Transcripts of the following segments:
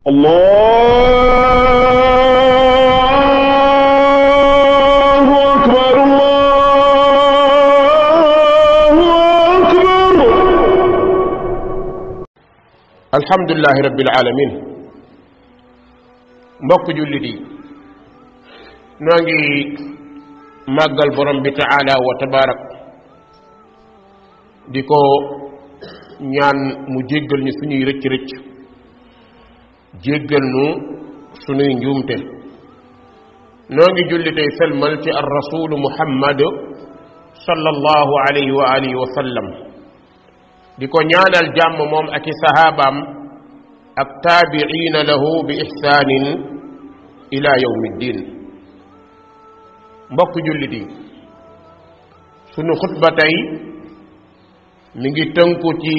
الله أكبر الله أكبر الحمد لله رب العالمين mbokk jullit yi noo ngi màggal borom bi taala wa tabarak di ko ñaan mu jéggal ñu suñuy rëcc rëcc jéggal nu sunuy njuumte noo ngi julli tey selmal ci ar rasulu muhammad sallallahu alayhi wa alihi wa sallam di ko ñaanal jàmm moom ak i sahabaam ak taabiina lahu bi ihsaanin ila yawmi ddin mbokk jullit yi sunu xutba tey mi ngi tënku ci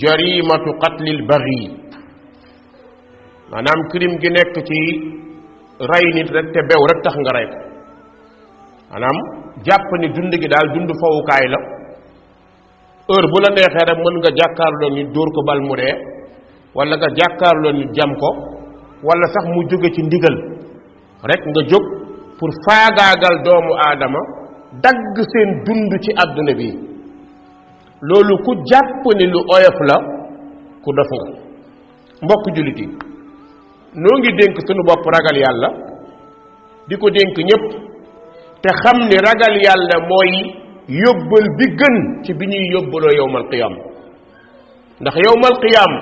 jarimatu qatlil baghi maanaam crime gi nekk ci rey nit rek te bew rek tax nga rey ko maanaam jàpp ni dund gi daal dund fawukaay la heure bu la neexee rek mën nga jàkkaarloo nit dóor ko bal mu dee nga jàkkaarloo nit jam ko wala sax mu jóge ci ndigal rek nga jóg pour faagaagal doomu aadama dagg seen dund ci àdduna bi loolu ku jàpp ni lu oyof la ku dof nga mbokk jullit yi noo ngi dénk sunu bopp ragal yàlla di ko dénk ñépp te xam ni ragal yàlla mooy yóbbal bi gën ci bi ñuy yóbbaloo yowmal qiyaam ndax yowmal qiyaam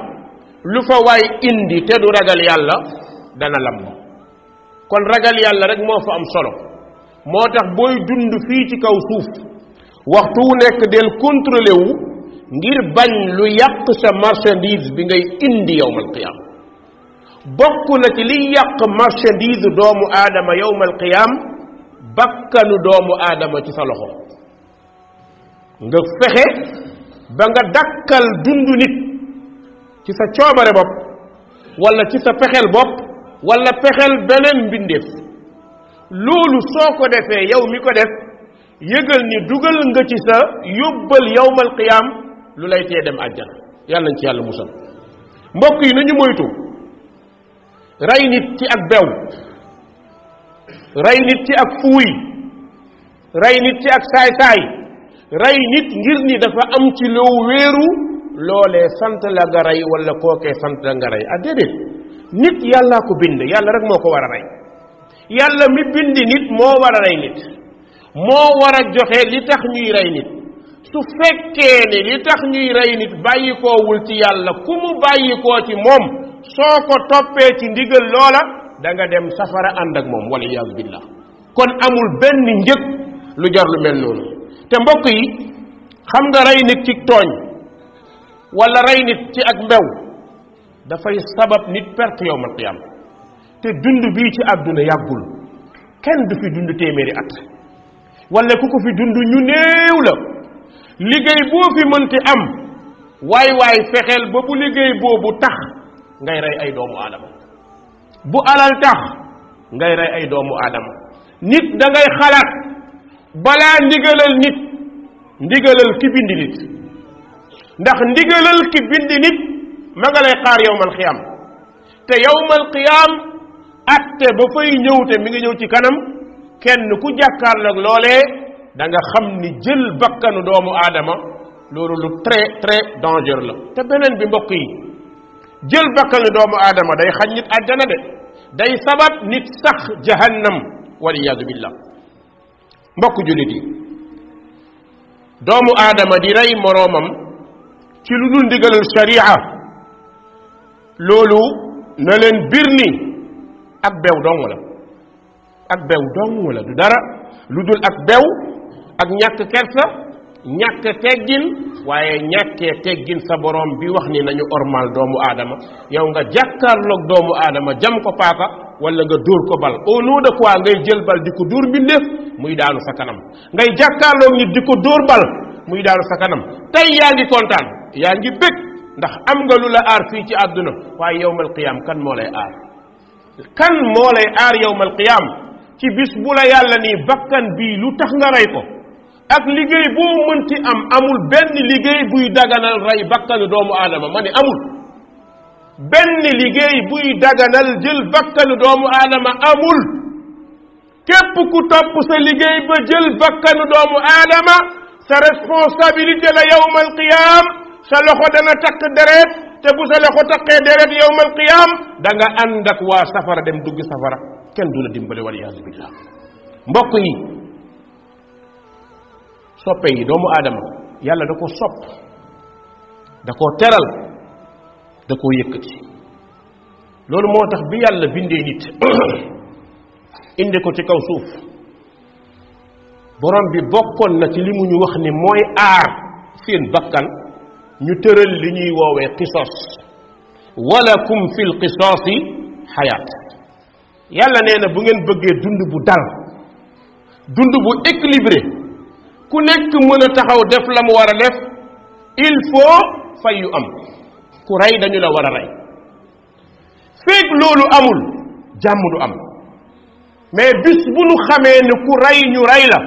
lu fa waay indi te du ragal yàlla dana lamb kon ragal yàlla rek moo fa am solo moo tax booy dund fii ci kaw suuf waxtu wu nekk del contrôlé wu ngir bañ lu yàq sa marchandise bi ngay indi yowmal qiyaam bokku na ci li yàq marchandise doomu aadama yowmal qiyam bakkanu doomu aadama ci sa loxo nga fexe ba nga dakkal dundu nit ci sa coobare bopp wala ci sa pexel bopp wala pexel beneen mbindeef loolu soo ko defee yow mi ko def yëgal ni dugal nga ci sa yóbbal yowmal qiyam lu lay tee dem àjjana yàlla ci yàlla musal mbokk yi nañu moytu rey nit ci ak bew rey nit ci ak fuuy rey nit ci ak saay-saay rey nit ngir ni dafa am ci loo wéeru loole sant la nga rey wala kookee sant la nga rey ah déedéet nit yàllaa ko bind yàlla rek moo ko war a rey yàlla mi bind nit moo war a rey nit moo war a joxe li tax ñuy rey nit su fekkee ni li tax ñuy rey nit bàyyikoowul ci yàlla ku mu bàyyikoo ci moom soo ko toppee ci ndigal loola danga dem safara ànd ak moom wala iyaazu billah kon amul benn njëg lu jar lu mel noonu te mbokk yi xam nga rey nit ci tooñ wala rey nit ci ak mbew dafay sabab nit perte yowmal qiyaam te dund bii ci àdduna yàggul kenn du fi dund téeméeri at wala ku ko fi dund ñu néew la liggéey boo fi mënti am waay waay fexeel ba bu liggéey boobu tax ngay rey ay doomu aadama bu alal tax ngay rey ay doomu aadama nit da ngay xalaat balaa ndigalal nit ndigalal ki bind nit ndax ndigalal ki bind nit ma nga lay xaar yowmal xiyaam te yowmal xiyaam atte ba fay ñëw te mi ngi ñëw ci kanam kenn ku jàkkaarloog loolee da nga xam ni jël bakkanu doomu aadama loolu lu très très dangereux la te beneen bi mbokk yi jël bakkanu doomu aadama day xañ nit àjjana de day sabab nit sax jahannam wal waliyadu billah mbokk julit yi doomu aadama di rey moroomam ci lu dul ndigalal sharia loolu na leen birni ak bew dong la ak bew dong la du dara lu dul ak bew ak ñàkk kersa ñàkk teggin waaye ñàkkee teggin sa borom bi wax ni nañu ormal doomu aadama yow nga jàkkaarloog doomu aadama jam ko paaka wala nga dóor ko bal au lieu de quoi ngay jël bal di ko dóor mbindeef muy daanu sa kanam ngay jàkkaarloog nit di ko dóor bal muy daanu sa kanam tey yaa ngi kontaan yaa ngi bëgg ndax am nga lu la aar fii ci àdduna waaye yowmal qiyaam kan moo lay aar kan moo lay aar yowmal qiyaam ci bis bu la yàlla nii bakkan bii lu tax nga rey ko ak liggéey boo mënti am amul benn liggéey buy daganal rey bakkanu doomu aadama ma ne amul benn liggéey buy daganal jël bakkanu doomu aadama amul képp ku topp sa liggéey ba jël bakkanu doomu aadama sa responsabilité la yowma alqiyam sa loxo dana takk deret te bu sa loxo takkee deret yowma alqiyam da nga ànd ak waa safara dem dugg safara kenn du la dimbale wal iyaasu billah mbokk yi soppe yi doomu aadama yàlla da ko sopp da ko teral da ko yëkkati loolu moo tax bi yàlla bindee nit inde ko ci kaw suuf borom bi bokkoon na ci li mu ñu wax ni mooy aar seen bakkan ñu tëral li ñuy woowee qisos walakum fil qisosi xayaat yàlla nee na bu ngeen bëggee dund bu dal dund bu équilibré ku nekk mën a taxaw def la mu war a def il faut fay yu am ku rey dañu la war a rey feeg loolu amul jàmm du am mais bis bu nu xamee ne ku rey ñu rey la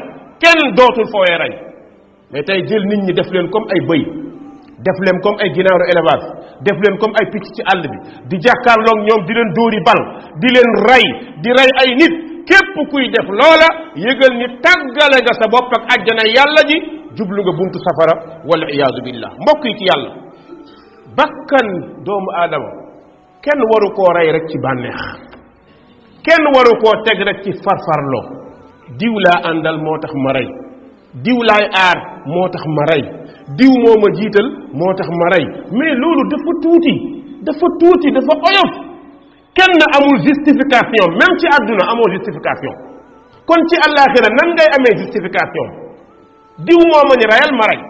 kenn dootul fooyee rey mais tey jël nit ñi def leen comme ay bëy def leen comme ay ginaaru élevage def leen comme ay picc ci àll bi di jàkkaarloog ñoom di leen dóori bal di leen rey di rey ay nit képp kuy def loola yëgal ni tàggale nga sa bopp ak àjjana yàlla ji jublu nga buntu safara wal iyaadu billah mbokk yi ci yàlla bakkan doomu aadama kenn waru koo rey rek ci bànneex kenn waru koo teg rek ci farfarloo diw laa àndal moo tax ma rey diw laay aar moo tax ma rey diw moo ma jiital moo tax ma rey mais loolu dafa tuuti dafa tuuti dafa oyof kenn amul justification même ci adduna amoo justification kon ci àllaaxira nan ngay amee justification diw moo ma ni rayal ma rey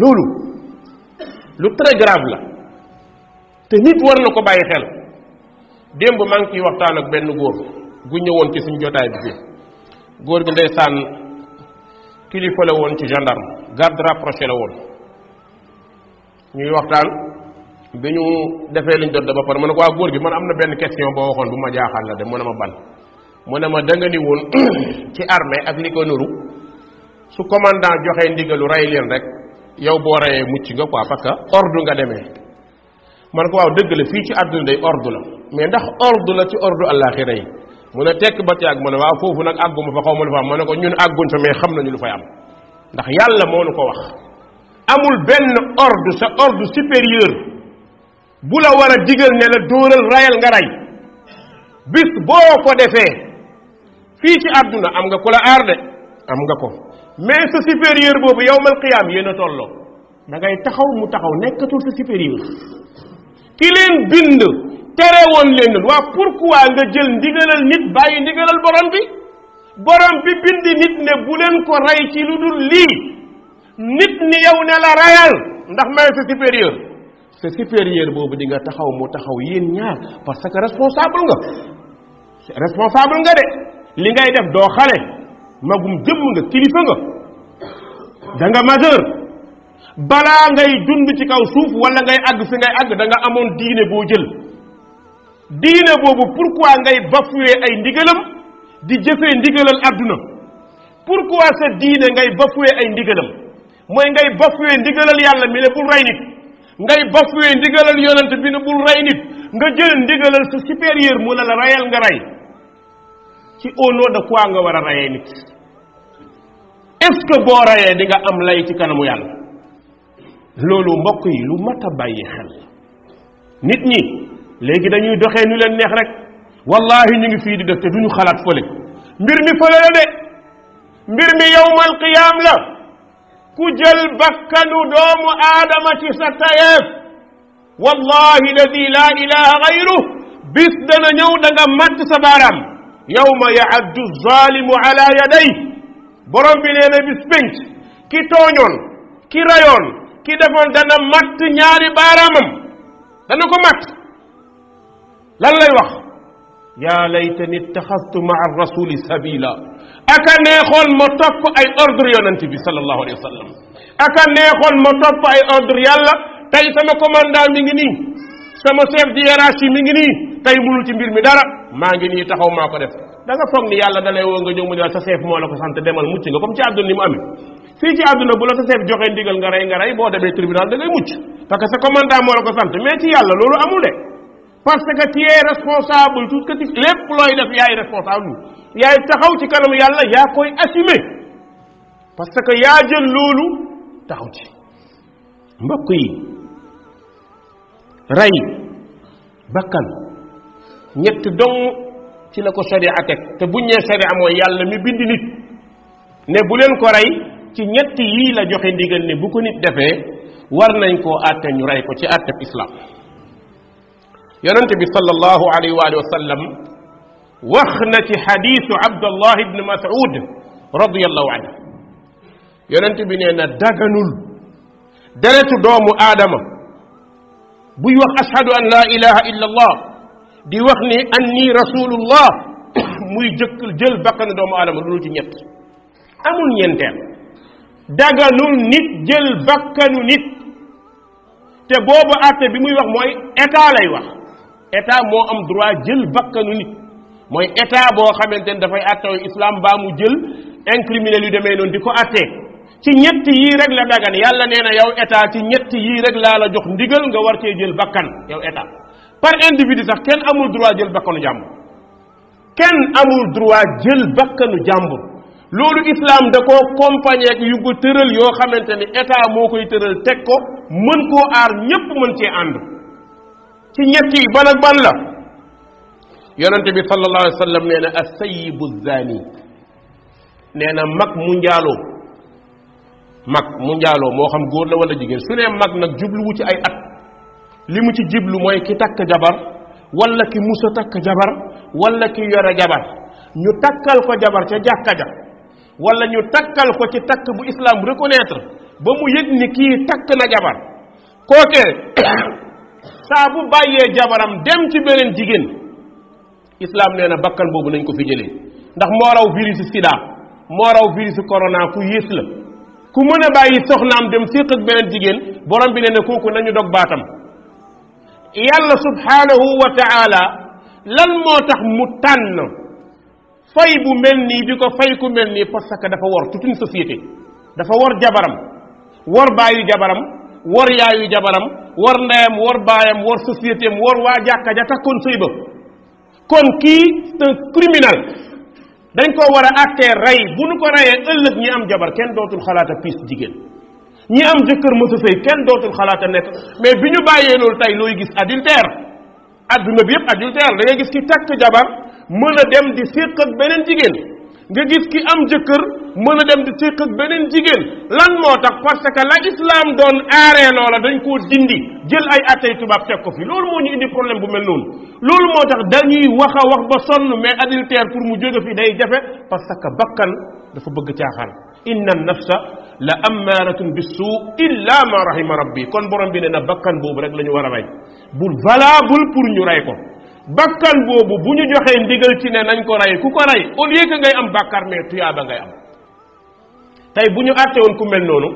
loolu lu très grave la te nit war na ko bàyyi xel démb man ngi ciy waxtaan ak benn góor gu ñëwoon ci suñ jotaay bi fii góor gi ndeysaan kilifa la woon ci gendarme garde rapproché la woon ñuy waxtaan bi ñu defee liñ doon ba pare ma ne ko waa góor gi man am na benn question boo waxoon bu ma jaaxal la de mu ne ma ban mu ne ma da nga ni woon ci armée ak li ko nuru su commandant joxee ndigalu rey leen rek yow boo reyee mucc nga quoi parce que ordre nga demee man ko waaw dëgg la fii ci àdduna day ordre la mais ndax ordre la ci ordre àllaaxira yi mu ne tekk ba ci ak mu ne waaw foofu nag àgguma fa xaw ma lu fa am ma ne ko ñun àgguñ fa mais xam nañu lu fay am ndax yàlla moo nu ko wax amul benn ordre sa ordre supérieur bu la war a digal ne la dóoral rayal nga ray bis boo ko defee fii ci àdduna am nga ku la aar de am nga ko mais sa supérieur boobu yowmal qiyaam yéen a tolloo da taxaw mu taxaw nekkatul sa supérieur ki leen bind tere woon leen loolu waa pourquoi nga jël ndigalal nit bàyyi ndigalal borom bi borom bi bind nit ne bu leen ko rey ci lu dul lii nit ni yow ne la rayal ndax may sa supérieur te supérieur boobu di nga taxaw mu taxaw yéen ñaar parce que responsable nga responsable nga de li ngay def doo xale magum jëmm nga kilifa nga da nga majeur bala ngay dund ci kaw suuf wala ngay àgg fi ngay àgg da nga amoon diine boo jël diine boobu pourquoi ngay bafuwee ay ndigalam di jëfee ndigalal àdduna pourquoi sa diine ngay bafuwee ay ndigalam mooy ngay bafuwee ndigalal yàlla mi ne bul rey nit ngay bafoué ndigalal yonent bi ne bul rey nit nga jël ndigalal sa supérieur mu la la reyal nga rey ci au nom de quoi nga war a reyee nit est boo reyee di nga am lay ci kanamu yàlla loolu mbokk yi lu mat a bàyyi xel nit ñi léegi dañuy doxee nu leen neex rek wallahi ñu ngi fii di def te ñu xalaat fële mbir mi fële la de mbir mi yawmal qiyaam la كجل بكن دوم آدم تستيف والله الذي لا إله غيره بثنا نيودا مات سبارم يوم يعد الظالم على يديه برم بلين بسبنت كي تونيون كي ريون كي دفن دانا مات نياري بارم دانا كو لن لا يوخ يا ليتني اتخذت مع الرسول سبيلا اكا نيخول متوك اي اوردر يونتبي صلى الله عليه وسلم اكا نيخول متوك اي اوردر يالا تاي سما كوماندال ميغي ني سما سيف دي راشي ميغي ني تاي مولو تي ميرمي دارا ماغي ني تاخاو ماكو ديف داغا فوك ني يالا دالاي وغا نيو مو سا سيف مو لاكو سانت ديمال موتشي غا كوم تي ادون لي مو امي في تي ادونا بولا سا سيف جوخي نديغال غاراي غاراي بو دابي تريبينال داغاي موتشي باكا سا كوماندال مو لاكو سانت مي تي يالا لولو امول دي parce que tu es responsable tout que lepp loy def yaay responsable yaay taxaw ci kanam yalla ya koy assumer parce que ya jël lolu taxaw ci mbokk yi ray bakkan ñett dong ci la ko sharia tek te buñ ñe sharia moy yalla mi bind nit ne bu len ko ray ci ñett yi la joxe ndigal ne bu ko nit defé war nañ ko atté ñu ray ko ci atté islam يونس بي صلى الله عليه واله وسلم وخنا حديث عبد الله بن مسعود رضي الله عنه يونس بي نينا دغنول دريتو دومو ادم بوي وخ اشهد ان لا اله الا الله دي وخني اني رسول الله موي جيكل جيل بكن دومو ادم لولو نيت امول نينتال دغنول نيت جيل بكنو نيت te boobu àtte bi muy wax mooy état lay wax état moo am droit jël bakkanu nit mooy état boo xamante ne dafay àttew islaam baa mu jël incriminé lu demee noonu di ko àttee ci ñett yii rek la dagan yàlla nee na yow état ci ñetti yii rek laa la jox ndigal nga war cee jël bakkan yow état par individu sax kenn amul droit jël bakkanu jàmbur kenn amul droit jël bakkanu jàmbur loolu islam da koo compagnie ak yu ko tëral yoo xamante ne état moo koy tëral teg ko mën koo aar ñépp mën cee ànd ci ñetti yi ban la yonente bi sallallahu alayhi wa sallam nee na neena mag mu njaaloo mag mu njaaloo moo xam góor la wala jigéen su nee mag nag jubluwu ci ay at li mu ci jiblu mooy ki takk jabar wala ki musa takk jabar wala ki yore jabar ñu takkal ko jabar ca jàkka ja wala ñu takkal ko ci takk bu islaam reconnaître ba mu yëg ni kii takk na jabar kookee saa bu bàyyee jabaram dem ci beneen jigéen islam nee na bakkan boobu nañ ko fi jëlee ndax moo raw virus sida moo raw virus corona ku yées la ku mën a bàyyi soxnaam dem fiq ak beneen jigéen borom bi nee na kooku nañu dog baatam yàlla subhanahu wa taala lan moo tax mu tànn fay bu mel nii di ko fay ku mel nii parce que dafa wor toute une société dafa wor jabaram wor baayu jabaram wor yaayu jabaram war ndeyam war baayam war société am war waa jàkka ja takkoon sëy ba kon kii c'est un dañ ko war a àttee rey bu nu ko reyee ëllëg ñi am jabar kenn dootul xalaata piis jigéen ñi am jëkkër mësa sëy kenn dootul xalaata nekk mais bi ñu bàyyee loolu tey looy gis adultère adduna bi yëpp adultère da ngay gis ki takk jabar mën a dem di séq ak beneen jigéen nga gis ki am jëkkër mën a dem di séq ak beneen jigéen lan moo tax parce que la islam doon aaree loola dañ koo dindi jël ay atay tubaab teg ko fi loolu moo ñu indi problème bu mel noonu loolu moo tax dañuy wax a wax ba sonn mais adultère pour mu jóge fi day jafe parce que bakkan dafa bëgg caaxaan inna nafsa la ammaratun bisuu illa ma rahima rabbi kon borom bi ne na bakkan boobu rek la ñu war a rey bu valable pour ñu rey ko bakkan boobu bu ñu joxee ndigal ci ne nañ ko rey ku ko rey au lieu que ngay am bàkkaar mais tuyaaba ngay am tey bu ñu àtte woon ku mel noonu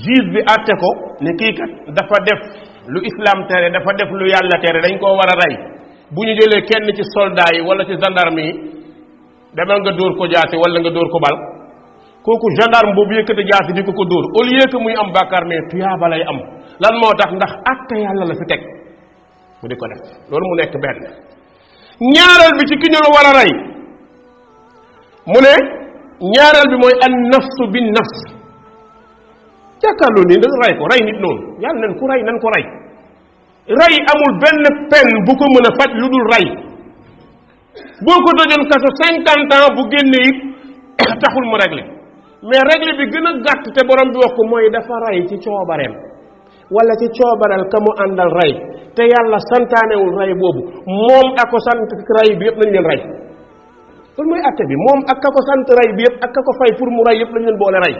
juge bi àtte ko ne kii kat dafa def lu islam tere dafa def lu yàlla tere dañ koo war a rey bu ñu jëlee kenn ci soldaa yi wala ci gendarme yi demal nga dóor ko jaasi wala nga dóor ko bal kooku gendarme boobu yëkkati jaasi di ko ko dóor au lieu que muy am bàkkaar mais tuyaaba lay am lan moo tax ndax àtte yàlla la fi teg mu ko def loolu mu nekk benn ñaareel bi ci ki ñu la war a rey mu ne ñaareel bi mooy an nafsu bin nafs jàkkaarloo nii da rey ko rey nit noonu yàlla nan ku rey nan ko rey rey amul benn pen bu ko mën a faj lu dul rey boo ko dojoon kaso cinquante ans bu génnee it taxul mu réglé mais réglé bi gën a gàtt te borom bi wax ko mooy dafa rey ci coobareem wala ci coobaral ka mu àndal rey te yàlla santaanewul rey boobu moom ak ko sant rey bi yëpp lañ leen rey loolu mooy atte bi moom ak ka ko bi yëpp ak ka ko pour mu rey yëpp lañ leen boole rey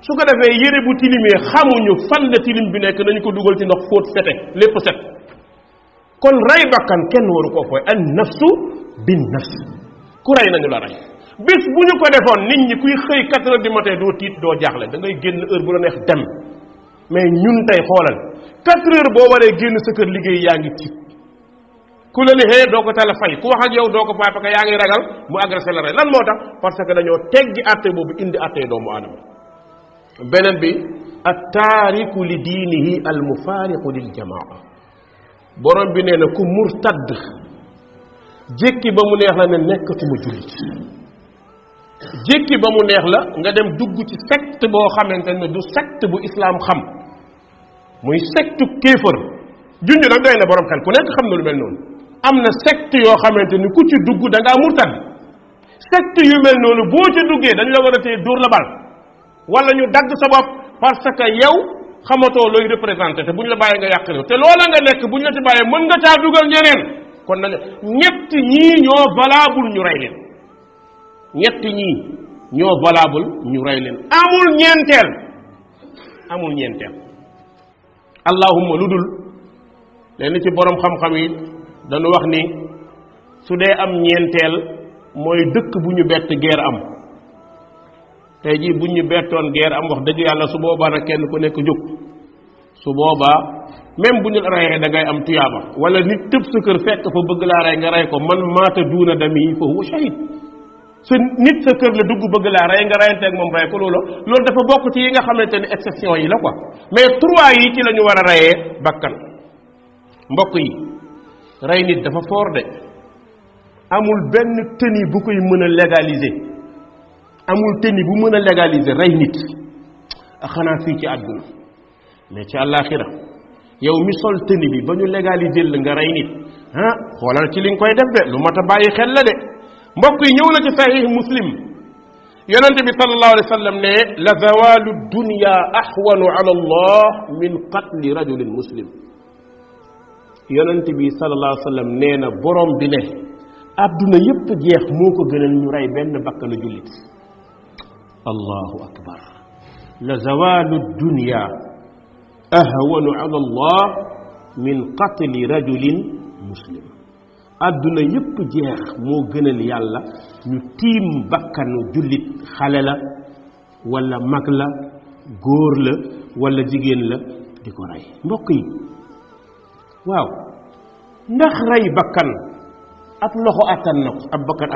su ko defee yére bu tilimee xamuñu fan la tilim bi nekk nañu ko dugal ci ndox fóot fete lépp set kon rey bakkan kenn waru koo fooy an nafsu bi nafs ku rey nañu la rey bis bu ñu ko defoon nit ñi kuy xëy quatre heures du matin doo tiit doo jaaxle da ngay génn heure bu la neex dem mais ñun tey xoolal quatre heures boo waree génn sa kër liggéey yaa ngi tiit ku la lixee doo ko tala ku wax ak yow doo ko fay parce que yaa ngi ragal mu agressé la rek lan moo tax parce que dañoo teggi àtte boobu indi àtte doomu aadama beneen bi at taariku li diinihi al mufaariqu lil jamaa borom bi nee na ku murtad jékki ba mu neex la ne nekkatuma jullit jékki ba mu neex la nga dem dugg ci secte boo xamante ne du secte bu islaam xam muy secte kéefër junj nag doy na borom xel ku nekk xam na lu mel noonu am na secte yoo xamante ni ku ci dugg da ngaa murtad secte yu mel noonu boo ca duggee dañ la war a téye dóor la bal wala ñu dagg sa bopp parce que yow xamatoo looy représenté te buñ la bàyyee nga yàq réew te loola nga nekk bu buñ la ci bàyyee mën nga caa dugal ñeneen kon nag ñett ñii ñoo valable ñu rey leen ñett ñii ñoo valable ñu rey leen amul ñeenteel amul ñeenteel allahumma lu dul lenn ci boroom xam-xam yi dañu wax ni su dee am ñeenteel mooy dëkk bu ñu bett guerre am tey jii bu ñu bettoon guerre am wax dëgg yàlla su booba nag kenn ku nekk jóg su boobaa même bu ñu reyee da ngay am tuyaaba wala nit tëb sa kër fekk fa bëgg laa rey nga rey ko man maata duuna dami fa huwa su nit sa kër la dugg bëgg laa rey nga reyanteeg moom rey ko loolu loolu dafa bokk ci yi nga xamante ne exception yi la ko mais trois yi ci lañu war a reyee bakkan mbokk yi rey nit dafa foor de amul benn tenue bu koy mën a légaliser amul tenue bu mën a légaliser rey nit a xanaa fii ci àdduna mais ci àllaaxira yow mi sol tenue bi ba ñu légaliser la nga rey nit ah xoolal ci li koy def de lu mat a bàyyi xel la de mbokk yi ñëw na ci sahih muslim yonent bi sallallahu alayhi wa ne la zawalu dunya ahwanu ala allah min qatli rajulin muslim yonent bi sallallahu alayhi wa sallam borom bi ne àdduna yépp jeex moo gënal ñu rey benn bakkanu jullit allahu akbar la zawalu dunya ahwanu ala allah min qatli rajulin muslim àdduna yépp jeex moo gënal yàlla ñu tiim bakkanu jullit xale la walla mag la góor la walla jigéen la di ko rey mbokk yi waaw ndax rey bakkan ab loxo àttan na ko ab bakkan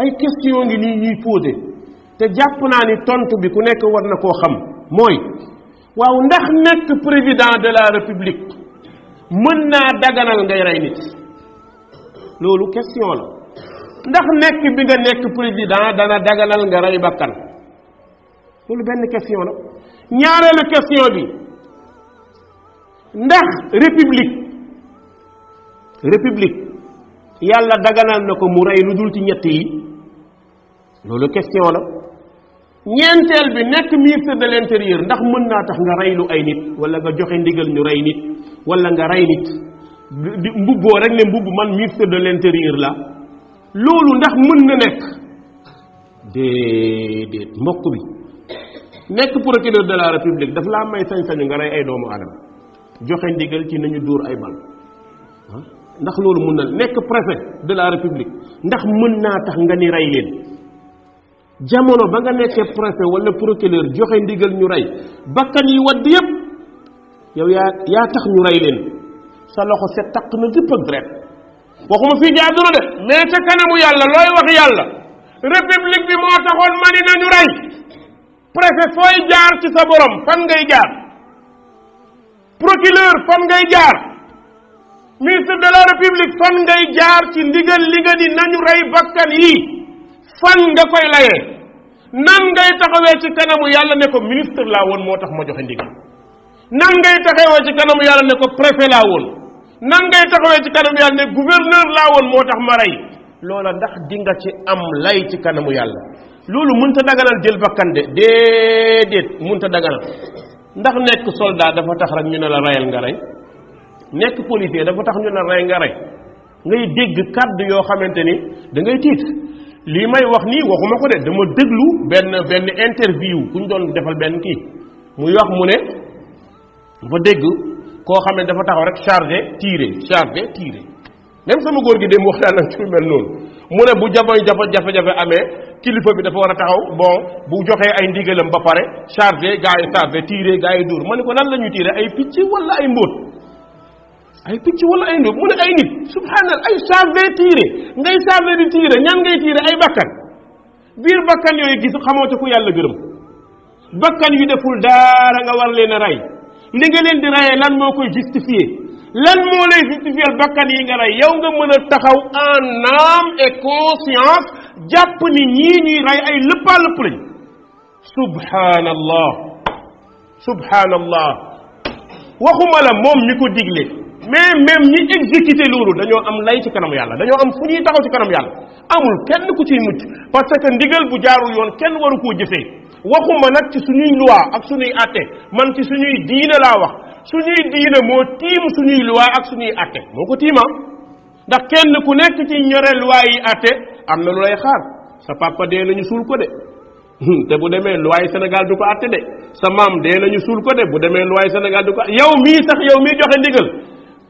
ay question ngi nii ñuy posé te jàpp naa ni tontu bi ku nekk war na koo xam mooy waaw ndax nekk président de la république mën naa daganal ngay rey nit loolu question la ndax nekk bi nga nekk président dana dagalal nga rey bakkan loolu benn question la ñaareelu question bi ndax république république yàlla dagalal na ko mu rey lu dul ci ñett yi loolu question la ñeenteel bi nekk ministre de l'intérieur ndax mën naa tax nga reylu ay nit wala nga joxe ndigal ñu rey nit walla nga rey nit di mbubboo rek ne mbubb man ministre de l'intérieur la loolu ndax mën na nekk déedéet mbokk bi nekk procureur de la république daf laa may sañ-sañu nga rey ay doomu aadama joxe ndigal ci nañu duur ay bal ah? ndax loolu mën na nekk préfet de la république ndax mën naa tax nga ni rey leen jamono ba nga nekkee préfet wala procureur joxe ndigal ñu rey bakkan yi wadd yépp yow yaa yaa tax ñu rey leen sa loxo set taq na dëpp ak deret waxuma fii jaaduna de mais ca kanamu yàlla looy wax yàlla république bi moo taxoon ma ni nañu rey préfet fooy jaar ci sa borom fan ngay jaar procureur fan ngay jaar ministre de la république fan ngay jaar ci ndigal li nga ni nañu rey bakkan yi fan nga koy layee nan ngay taxawee ci kanamu yàlla ne ko ministre laa woon moo tax ma joxe ndigal nan ngay taxawee ci kanamu yàlla ne ko préfet laa woon nan ngay taxawee ci kanamu yàlla ne gouverneur laa woon moo tax ma rey loola ndax di nga ci am lay ci kanamu yàlla loolu mun mënta daganal jël bakkan de déedéet ta daganal ndax nekk soldat dafa tax rek ñu ne la reyal nga rey nekk policier dafa tax ñu ne rey nga rey ngay dégg kàddu yoo xamante ni dangay ngay tiit lii may wax nii waxuma ko de dama déglu benn benn interview ku ñu doon defal benn kii muy wax mu ne dafa dégg koo xam ne dafa taxaw rek chargé tiré chargé tiré même sama góor gi dem waxtaan nag ci lu mel noonu mu ne bu jamono jafe-jafe amee kilifa bi dafa war a taxaw bon bu joxee ay ndigalam ba pare chargé gars yi chargé tiré gars yi dóor ma ne ko lan la ñuy tiré ay picc wala ay mbóot ay picc ay ndóot mu ne ay nit subhanal ay chargé tiré ngay chargé di tiré ñan ngay tiré ay bakkan biir bakkan yooyu gis xamoo ci ku yàlla gërëm bakkan yu deful dara nga war leen a rey ni nga leen di rayee lan moo koy justifier lan moo lay justifier bakkan yi nga rey yow nga mën a taxaw en âme et conscience jàpp ni ñii ñuy rey ay lëppa lëpp lañ subhanallah subhanallah waxuma la moom mi ko digle mais même ñi exécuté loolu dañoo am lay ci kanam yàlla dañoo am fu ñuy taxaw ci kanam yàlla amul kenn ku ciy mucc parce que ndigal bu jaarul yoon kenn waru koo jëfee waxuma nag ci suñuy luwaa ak suñuy atte man ci suñuy diine laa wax su suñuy diine moo tiim suñuy loi ak suñuy atte moo ko tiima ah. ndax kenn ku nekk ci ñore loi yi atte am na lu lay xaar sa papa dee ñu suul ko de te bu demee loi yi Sénégal du ko attee de sa maam dee nañu suul ko de bu demee loi yi Sénégal du ko yow mii sax yow mii joxe ndigal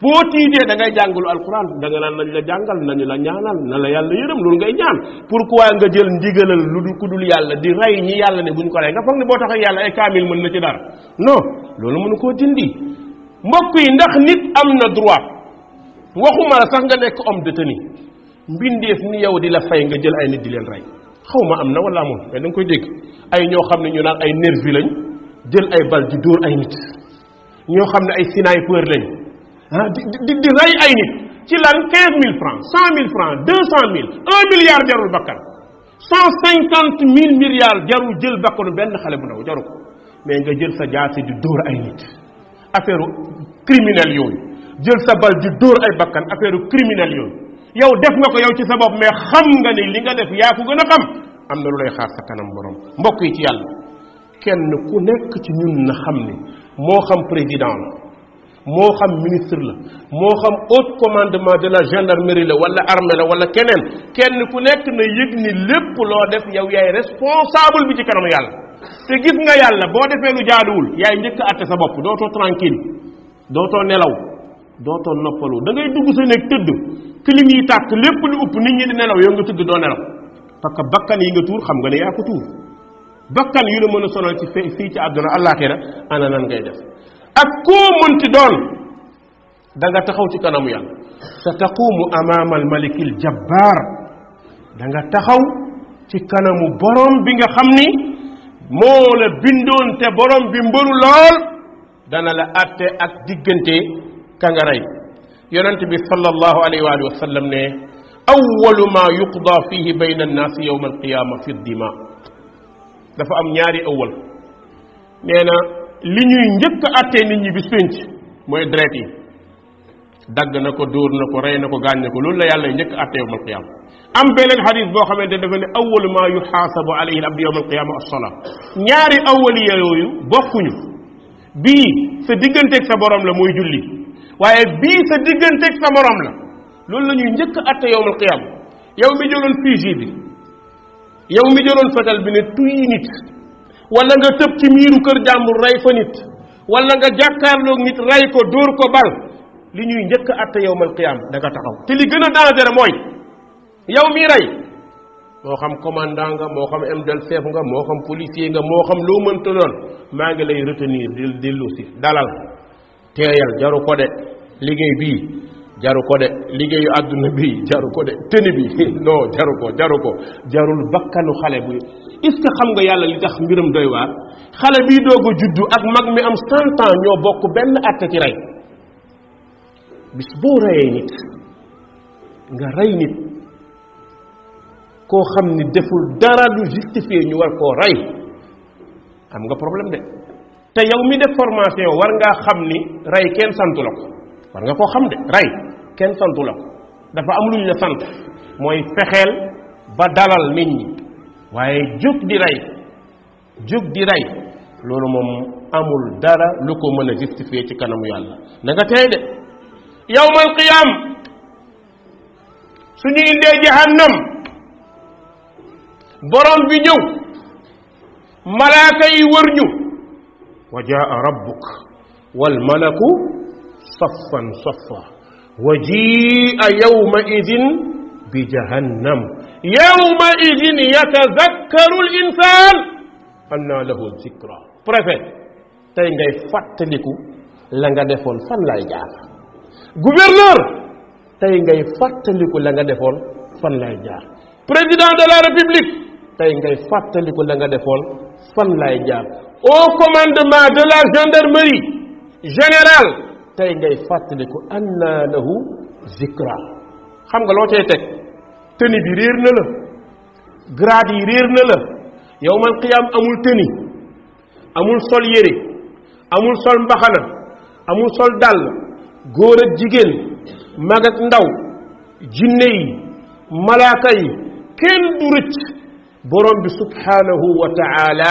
boo tiitee dangay ngay jàngalu alquran da nga naan nañ la jàngal nañu la ñaanal na la yàlla yërëm loolu ngay ñaan pourquoi nga jël ndigalal lu du ku dul yàlla di rey ñi yàlla ne bu ñu ko rey nga foog ne boo tax yàlla ay kaamil mën na ci dara no loolu mënu koo dindi mbokk yi ndax nit am na droit waxuma la sax nga nekk homme de tenue mbindeef ni yow di la fay nga jël ay nit di leen rey xaw ma am na wala amul mais da koy dégg ay ñoo xam ne ñu naan ay nervi lañ jël ay bal di dóor ay nit ñoo xam ne ay sniper ah di di di rey ay nit ci lan quinze mille francs cent mille francs deux cent mille un milliard jarul bakkan cent cinquante mille milliards jarul jël bakkanu benn xale bu ndaw jaru ko mais nga jël sa jaasi di dóor ay nit affaire criminel yooyu jël sa bal di dóor ay bakkan affaire criminel yooyu yow def nga ko yow ci sa bopp mais xam nga ni li nga def yaa ko gën a xam am na lay xaar sa kanam borom mbokk yi ci yàlla kenn ku nekk ci ñun na xam ni moo xam président la moo xam ministre la moo xam haut commandement de la gendarmerie la wala armée la wala keneen kenn ku nekk na yëg ni lépp loo def yow yaay responsable bi ci kanam yàlla te gis nga yàlla boo defee lu jaaduwul yaay njëkk atte sa bopp dootoo tranquille dootoo nelaw dootoo noppalu da ngay dugg sa néeg tëdd clim yi tàkk lépp lu upp nit ñi di nelaw yow nga tëdd doo nelaw parce que bakkan yi nga tuur xam nga ne yaa ko tuur bakkan yu la mën a sonal ci fii ci àdduna àllaaxira ana nan ngay def ak koo mënti doon da nga taxaw ci kanamu yàlla sa taqumu amaamal malikil jabbar da nga taxaw ci kanamu borom bi nga xam ni moo la bindoon te borom bi mbëru lool dana la atte ak diggante ka nga rey yonent bi sallallahu alayhi wa sallam ne awwalu ma yuqda fihi bayna annaasi yawma alqiyama fi ddima dafa am ñaari awal nee li ñuy njëkk a àttee nit ñi bis pénc mooy deret yi dagg na ko dóor na ko rey na ko gaañ na ko loolu la yàlla njëkk a àttee yawmal qiyaama am beneen xadis boo xamante ne dafa ne awalu maa yuxaasabu alayhi al abdu yawmal qiyaama as-salaa ñaari awaliya yooyu bokkuñu bii sa digganteeg sa borom la mooy julli waaye bii sa digganteeg sa borom la loolu la ñuy njëkk a àttee yawmal qiyaama yow mi jëloon bi yow mi jëloon bi ne tuy nit wala nga tëb ci miiru kër jàmbur rey fa nit wala nga jàkkaarloog nit rey ko dóor ko bal li ñuy njëkk atte yowmal qiyaam da nga taxaw te li gën a danger mooy yow mii rey moo xam commandant nga moo xam MDL chef nga moo xam policier nga moo xam loo mënta doon maa ngi lay retenir di dellu si dalal teeyal jaru ko de liggéey bii jaru ko de liggéeyu aduna bi jaru ko de teni bi non jaru ko jaru ko jarul bakkanu xale bu est ce xam nga yalla li tax mbiram doy waar xale bi dogo juddu ak mag mi am 100 ans ño bokk ben atte ci ray bis bo ray nit nga ray nit ko xamni deful dara lu justifier ñu war ko ray, am nga problème de te yow mi def formation war nga xamni ray ken santu ko war nga ko xam de kenn santu la dafa am luñ la sant mooy fexeel ba dalal nit ñi waaye jóg di rey jóg di rey loolu moom amul dara lu ko mën a justifier ci kanamu yàlla na nga tey de yawmal qiyam suñu indee jahannam borom bi ñëw malaaka yi wër ñu wa jaa rabbuk wal malaku saffan saffa وجيء يومئذ بجهنم يومئذ يتذكر الإنسان أن له الذكرى préfet tey ngay fàttaliku la nga defoon fan lay jaar gouverneur tey ngay fàttaliku la nga defoon fan lay jaar président de la république tey ngay fàttaliku la nga defoon fan lay jaar au commandement de la gendarmerie générale tey ngay fàttaliku anna lahu zikra xam nga loo cay teg tëni bi réer na la grade yi réer na la yowmal qiyaam amul tëni amul sol yére amul sol mbaxana amul sol dàll góor jigéen mag ndaw jinne yi malaaka yi kenn du borom bi subhaanahu wa taala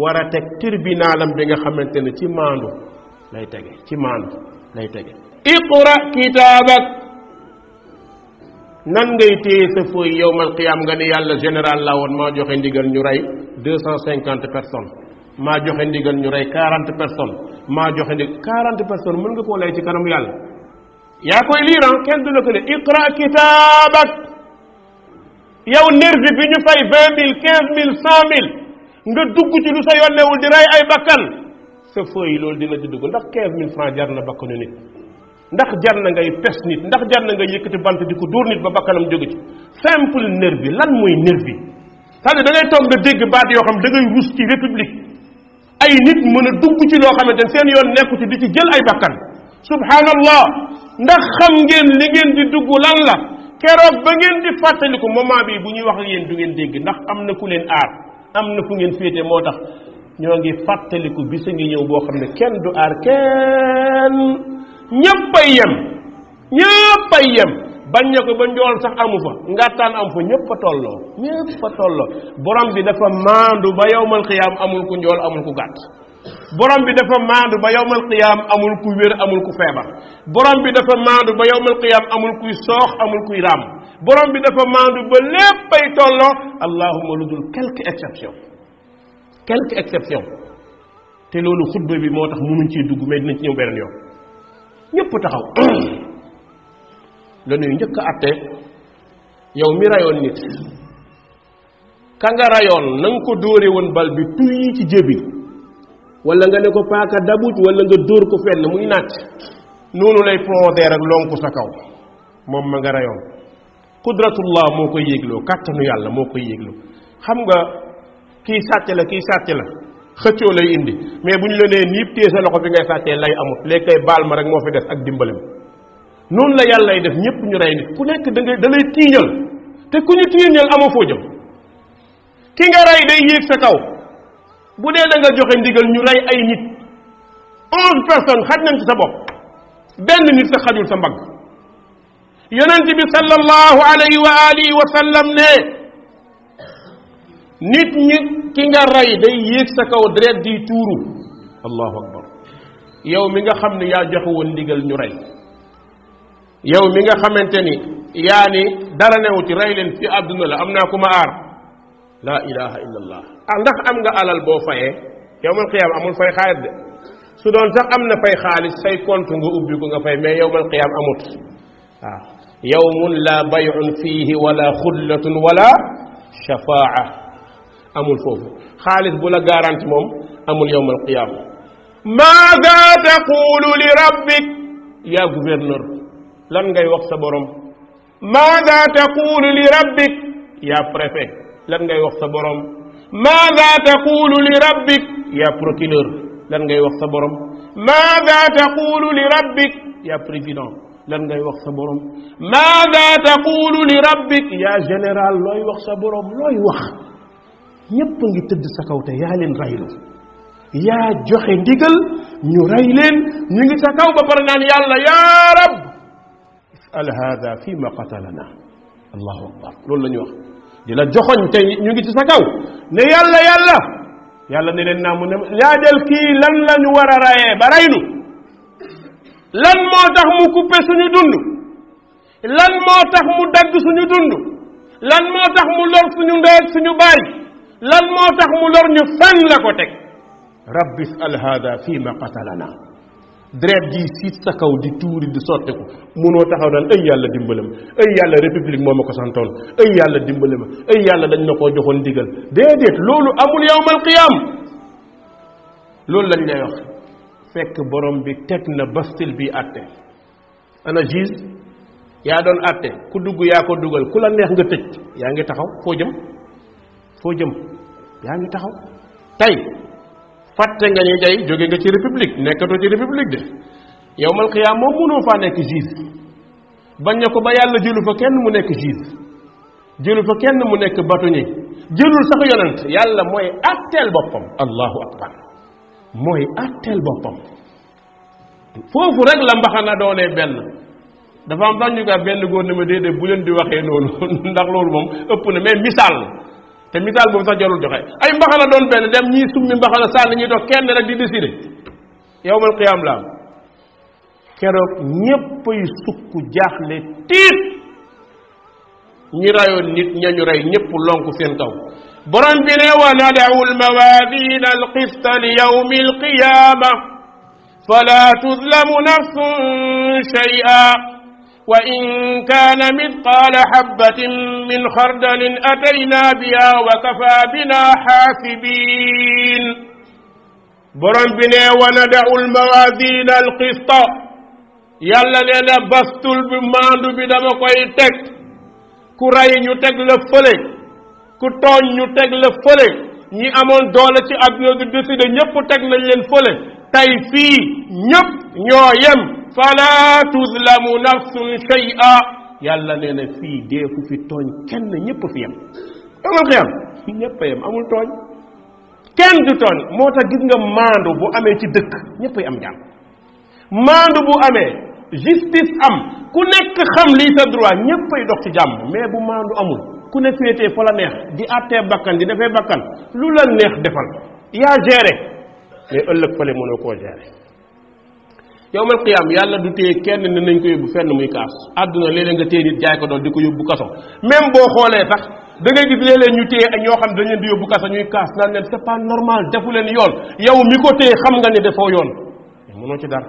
war a teg tirbinaalam bi nga xamante ne ci maandu lay tege ci maandu lay tege iqra kitaabak nan ngay téye sa fooy yowmal qiyaam nga ne yàlla général la woon maa joxe ndigal ñu rey deux cinquante personnes maa joxe ndigal ñu rey quarante personnes maa joxe ndigal quarante mën nga koo lay ci kanam yàlla yaa koy liiran ah, kenn du la ko ne iqra kitaabak yow nervi bi ñu fay vingt mille quinze mille cent mille nga dugg ci lu sa yonnewul di rey ay bakkan sa feuille loolu dina ci dugg ndax 15000 francs jar na bakkanu nit ndax jar na ngay pes nit ndax jar na ngay yëkkati bant di ko dóor nit ba bakkanam jóge ci simple nervi lan mooy nervi cest a da ngay tomber dégg baat yoo xam da ngay rus ci république ay nit mën a dugg ci loo xamante seen yoon nekku ci di ci jël ay bakkan subhanallah ndax xam ngeen li ngeen di dugg lan la keroog ba ngeen di fàttaliku moment bi bu ñuy wax ak yéen du ngeen dégg ndax am na ku leen aar am na fu ngeen féete moo tax ñoo ngi fàttaliku bis ngi ñëw boo xam ne kenn du aar kenn ñëppay yem ñëppay yem bañ ne ko ba njool sax amu fa ngàttaan am fa ñëpp fa tolloo ñëpp fa tolloo borom bi dafa maandu ba yowmal xiyaam amul ku njool amul ku gàtt borom bi dafa maandu ba yowmal qiyam amul ku wér amul ku feebar borom bi dafa maandu ba yowmal qiyam amul kuy soox amul kuy raam borom bi dafa maandu ba léppay tolloo allahuma ludul quelque exception quelques exceptions te loolu xutba bi moo tax mënuñ cee dugg mais dinañ ci ñëw beneen yoon ñëpp taxaw la njëkk a àtte yow mi rayoon nit ka nga rayoon na ko dóore woon bal bi tuy yi ci jëbi wala nga ne ko paaka dabuj wala nga dóor ko fenn muy naaj noonu lay pondéer ak lonku sa kaw moom ma nga rayoon qudratullah moo koy yéegloo kàttanu yàlla moo koy yéegloo xam nga kii sàcc la kii sàcc la xëccoo lay indi mais bu ñu la nee niib téye sa loxo fi ngay sàccee lay amut léegi kay baal ma rek moo fi des ak dimbalam noonu la yàllay def ñëpp ñu rey nit ku nekk da ngay da lay tiiñal te ku ñu tiiñal amoo foo jëm ki nga rey day yéeg sa kaw bu dee da nga joxe ndigal ñu rey ay nit onze personnes xaj nañ ci sa bopp benn nit sa xajul sa mbagg yonent bi sallallahu alayhi wa alihi wa ne nit ñi ki nga rey day yéeg sa kaw deret di tuuru allahu akbar yow mi nga xam ni yaa joxe woon ndigal ñu rey yow mi nga xamante ni yaa ni dara newu ci rey leen fi àdduna la am naa ku ma aar laa ilaha illa allah ndax am nga alal boo fayee yow man xiyaam amul fay xaalis de su doon sax am na fay xaalis say compte nga ubbi ko nga fay mais yow man xiyaam amut waaw yawmun la bayun fihi wala xullatun wala shafaa amul foofu xaalis bu la garanti moom amul yowmal qiyaama maada taqulu li rabbik yaa gouverneur lan ngay wax sa borom maada taqulu li rabbik yaa préfet lan ngay wax sa borom maada taqulu li rabbik yaa procureur lan ngay wax sa borom maada taqulu li rabbik yaa président lan ngay wax sa borom maada taqulu li rabbik yaa général looy wax sa borom looy wax ñépp ngi tëdd sa kaw te yaa leen raylu yaa joxe ndigal ñu rey leen ñu ngi sa kaw ba pare naan yàlla yaa rab isal hada fi ma qatalana allahu akbar loolu la ñu wax di la joxoñ te ñu ngi ci sa kaw ne yàlla yàlla ne leen naa mu ne laajal kii lan la ñu war a rayee ba raylu lan moo tax mu coupé suñu dund lan moo tax mu dagg suñu dund lan moo tax mu lor suñu ndey suñu baay lan moo tax mu lor ñu fan la ko teg rabbi al hada fi ma qatalana dret ji siit sa kaw di tuuri di sottiku munoo taxaw naan ay yàlla dimbalam ay yàlla république moo ma ko santoon ay yàlla dimbale ma ay yàlla dañ ma koo joxoon digal déedéet loolu amul yowmal qiyam loolu lañ lay wax fekk borom bi teg na bastil bi atte ana gis yaa doon atte ku dugg yaa ko dugal ku la neex nga tëj yaa ngi taxaw foo jëm foo jëm yaa ngi taxaw tey fàtte nga ñu tey jóge nga ci république nekkatoo ci république de yow mal xiyaam moom mënoo faa nekk juge bañ na ko ba yàlla jëlu fa kenn mu nekk juge jëlu fa kenn mu nekk bâtonnier jëlul sax yonent yàlla mooy àtteel boppam allahu akbar mooy àtteel boppam foofu rek la mbaxana doonee benn dafa am sax ñu benn góor ne ma déedéet bu leen di waxee noonu ndax loolu moom ëpp na mais misaal te misaal boobu sax jarul joxe ay mbaxana doon benn dem ñii summi mbaxana sànni ñuy dox kenn rek di décider yowmal qiyaam la am keroog ñéppay sukk jaaxle tiit ñi rayoon nit ñañu rey ñépp lonk seen kaw borom bi ne wa nadaw almawaazin alqista li yawmi alqiyama fala tuzlamu nafsun shay'a وإن كان مثقال حبة من خردل أتينا بها وكفى بنا حاسبين برم بنا وندع الموازين القسط يلا لنا بستل البماند بنا مقوي تك كوراي ني تك لا فلي كو توغ ني تك لا فلي ني امون دوله سي ابيو دي ديسيد نيب تك نان لين فلي tey fii ñëpp ñoo yem fala tuzlamu nafsun shay'a yàlla nee na fii dee fu fi tooñ kenn ñëpp fi yem yomal xiyam ñëpp a yem amul tooñ kenn du tooñ moo tax gis nga maandu bu amee ci dëkk ñëpp am jàmm bu amee justice am ku nekk xam lii sa droit ñëpp ay dox ci jàmm mais bu maandu amul ku ne féetee fa la neex di àttee bakkan di defee bakkan lu la neex defal yaa géré mais ëllëg fële mënoo koo gérer yow man qiyaam yàlla du téye kenn ne nañ ko yóbbu fenn muy kaas àdduna léeg-léeg nga téye nit jaay ko doon di ko yóbbu kaso même boo xoolee sax da ngay gis léeg-léeg ñu téye ñoo xam dañ leen di yóbbu kaso ñuy kaas naan leen c'est pas normal defu leen yoon yow mi ko téye xam nga ne defoo yoon mënoo ci dara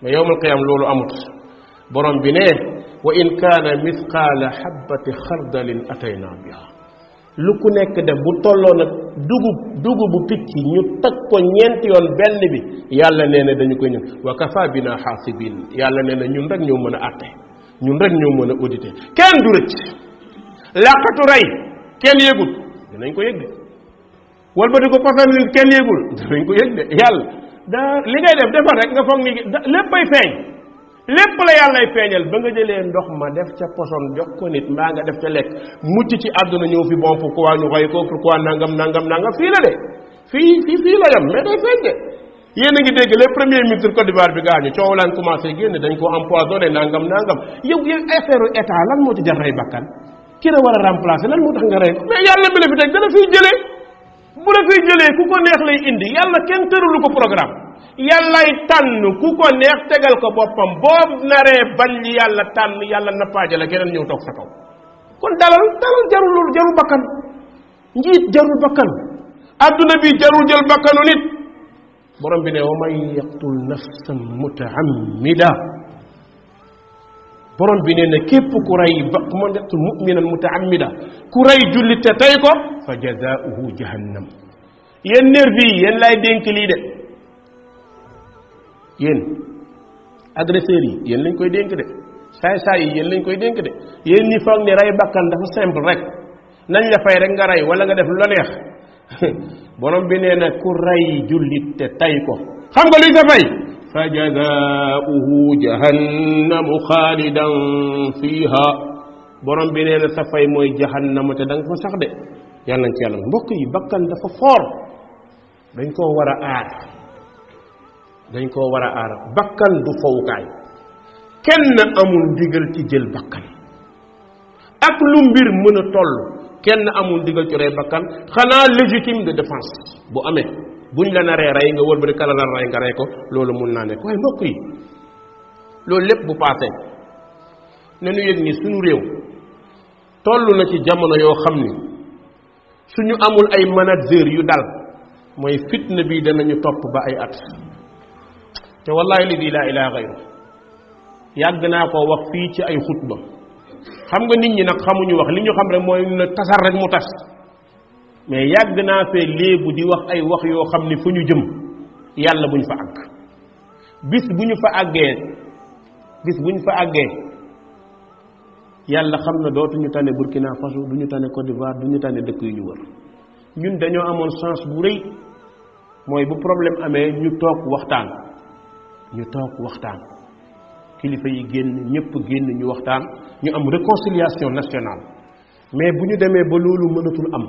mais yow man qiyaam loolu amut borom bi ne wa in kaana misqaala xabbati xardalin atayna biha lu ku nekk def bu tolloo nag dugub dugubu picc ñu toj ko ñeenti yoon benn bi yàlla nee na dañu ko koy ñun wa kafa si xaasibin yàlla nee na ñun rek ñoo mën a àtte ñun rek ñoo mën a audité kenn du rëcc làqatu rey kenn yëgul dinañ ko yëg de wal ko posan lin kenn yëgul dinañ ko yëg de yàlla daa li ngay def defal rek nga foog ni léppay feeñ lépp la yàllay feeñal ba nga jëlee ndox ma def ca poson jox ko nit mbaa nga def ca lekk mucc ci àdduna ñëw fi bon pourquoi ñu roy ko pourquoi nangam nangam nangam fii la de fii fii fii la yem mais day feeñ de yéen a ngi dégg le premier ministre Côte bi gaañu coow laan commencé génn dañ ko empoisonné nangam nangam yow yow affaire état lan moo ci jar rey bakkan ki la war a remplacer lan moo tax nga rey mais yàlla bi la fi teg dana fiy jëlee bu la fiy jëlee ku ko neex ko programme yàllay tànn ku ko neex tegal ko boppam boo naree bañ li yàlla tànn yàlla nappaaje la geneen ñëw toog sa kaw kon dalal dalal jarul jarul bakkan njiit jarul bakkan adduna bi jarul jël bakkanu nit borom bi ne wa man yaqtul nafsan mutaammida borom bi nee na képp ku rey ba man yaqtul muminan mutaammida ku rey jullit te tey ko fa jazaauhu jahannam yéen nervi yi lay dénk de yéen adresseur yi yéen lañ koy dénk de saay saay yi yéen lañ koy dénk de yéen ñi foog ne ray bakkan dafa simple rek nañ la fay rek nga ray wala nga def lu neex borom bi nee na ku ray jullit te tay ko xam nga luy sa fay fa jahannamu khalidan fiha borom bi nee na sa fay mooy jahannamu te fa sax de yàlla nañ ci mbokk yi bakkan dafa for dañ ko war a aar dañ koo war a aar bakkan du fowukaay kenn amul ndigal ci jël bakkan ak lu mbir mën a toll kenn amul ndigal ci rey bakkan xanaa légitime de défense bu amee buñ la naree rey nga wëlbati kala la rey nga rey ko loolu mun naa nekk waaye mbokk yi loolu lépp bu paase nañu yëg ni suñu réew toll na ci jamono yoo xam ni su ñu amul ay manager yu dal mooy fitna bi danañu topp ba ay at te wallahi lidi la ilaha ghayru yag na ko wax fi ci ay khutba xam nga nit ñi nag xamuñu wax li ñu xam rek moy na tasar rek mu tass mais yàgg naa fee léebu di wax ay wax yo xamni ni fu ñu jëm yàlla buñ fa ag bis bu fa agge bis buñ fa agge yàlla xamna dootu ñu tane burkina faso duñu tane côte d'ivoire duñu tane dëkk yu ñu wër ñun dañoo amoon chance bu reuy moy bu problème amé ñu tok waxtaan ñu toog waxtaan kilifa yi génn ñëpp génn ñu waxtaan ñu am réconciliation nationale mais bu ñu demee ba loolu mënatul am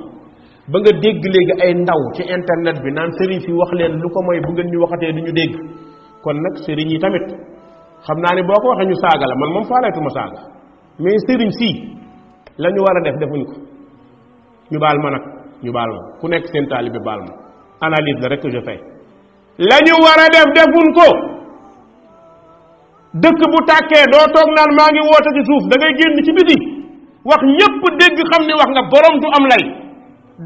ba nga dégg léegi ay ndaw ci internet bi naan sëriñ fi wax leen lu ko mooy bu ngeen ñu waxatee du ñu dégg kon nag sëriñ yi tamit xam naa ne boo ko waxee ñu saaga la man moom faaleetuma saaga mais sëriñ si lañu war a def defuñ ko ñu baal ma nag ñu baal ma ku nekk seen taalibe baal ma analyse la rek que je war a def defuñ ko dëkk bu tàkkee doo toog naan maa ngi woote ci suuf da ngay génn ci biti wax ñépp dégg xam ni wax nga borom du am lay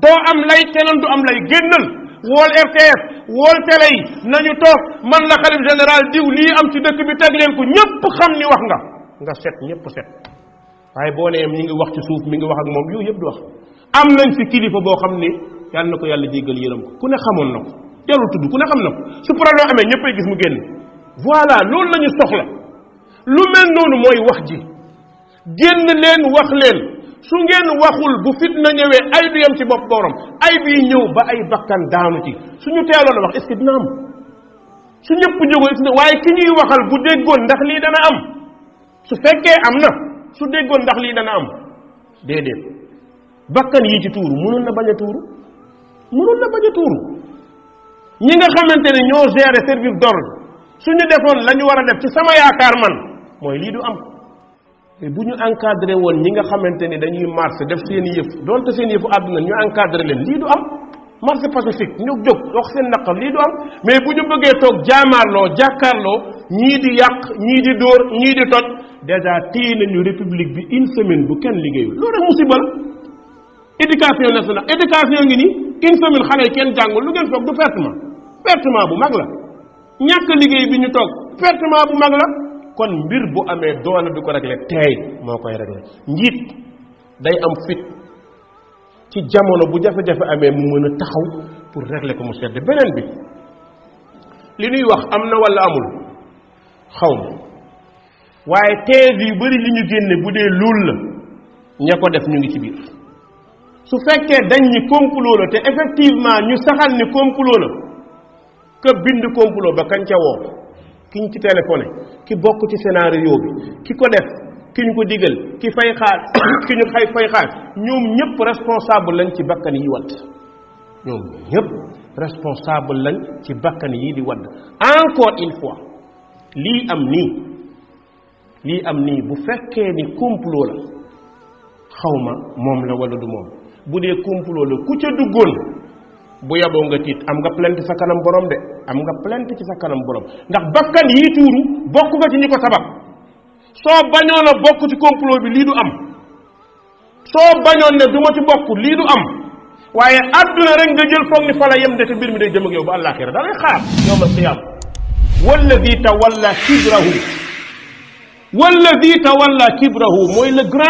doo am lay keneen du am lay génnal wool RTS wool télé yi nañu toog man la xalif général diw lii am ci dëkk bi tag leen ko ñépp xam ni wax nga nga set ñépp set waaye boo nee mi ngi wax ci suuf mi ngi wax ak moom yooyu yëpp du wax am nañ fi kilifa boo xam ni yàlla na ko yàlla jéggal yërëm ko ku ne xamoon na ko jarul tudd ku ne xam na ko su problème amee ñëppay lu mel noonu mooy wax ji génn leen wax leen su ngeen waxul bu fitna ñëwee ay du yam ci bopp borom ay bi ñëw ba ay bakkan daanu ci suñu teeloon wax est ce que dina am su ñëpp jógoon est ce waaye ki ñuy waxal bu déggoon ndax lii dana am su fekkee am na su déggoon ndax lii dana am déedéet bakkan yi ci tuuru mënoon na bañ a tuuru mënoon na bañ a tuuru ñi nga xamante ne ñoo gérer service d'ordre suñu defoon la ñu war a def ci sama yaakaar man mooy lii du am bu ñu encadré woon ñi nga xamante ni dañuy marché def seen yëf donte seen yëfu àdduna ñu encadré leen lii du am marché pacifique ñu jóg wax seen naqar lii du am mais bu ñu bëggee toog jaamaarloo jàkkaarloo ñii di yàq ñii di dóor ñii di toj déjà téye nañu république bi une semaine bu kenn liggéeyul loolu rek musibal éducation nationale éducation ngi nii une semaine xale yi kenn jàngul lu ngeen foog du pertement pertement bu mag la ñàkk liggéey bi toog pertement bu mag la kon mbir bu amee doole du ko régler teey moo koy régler njiit day am fit ci jamono bu jafe-jafe amee mu mën a taxaw pour régler ko mu sedd beneen bi li ñuy wax am na walla amul xaw ma waaye thèse yu bari li ñu génne bu dee loolu la ña ko def ñu ngi ci biir su fekkee dañ ñi complot la te effectivement ñu saxal ni complot la ka bind complot ba kañ ca woo Qui ñu ci téléphoné ki bokk ci scénario bi ki ko def ki ñu ko digal ki fay xaar ki ñu fay nous ñoom ñëpp responsable lañ ci bakkan yi ñoom responsable encore une fois lii am nii lii am nii bu fekkee ni complot la xawma moom la wala du moom bu complot bu yaboo nga tiit am nga plainte sa kanam borom de am nga plainte ci sa kanam borom ndax bakkan yii tuuru bokk nga ci ñi ko sabab soo bañoon a bokk ci complot bi lii du am soo bañoon ne du ma ci bokk lii du am waaye àdduna rek nga jël foog ni fala yem ndeke mbir mi day jëm ak yow ba àllaaxira da lay xaar yowm alqiyam walladi tawalla kibrahu walladi tawalla kibrahu mooy le grand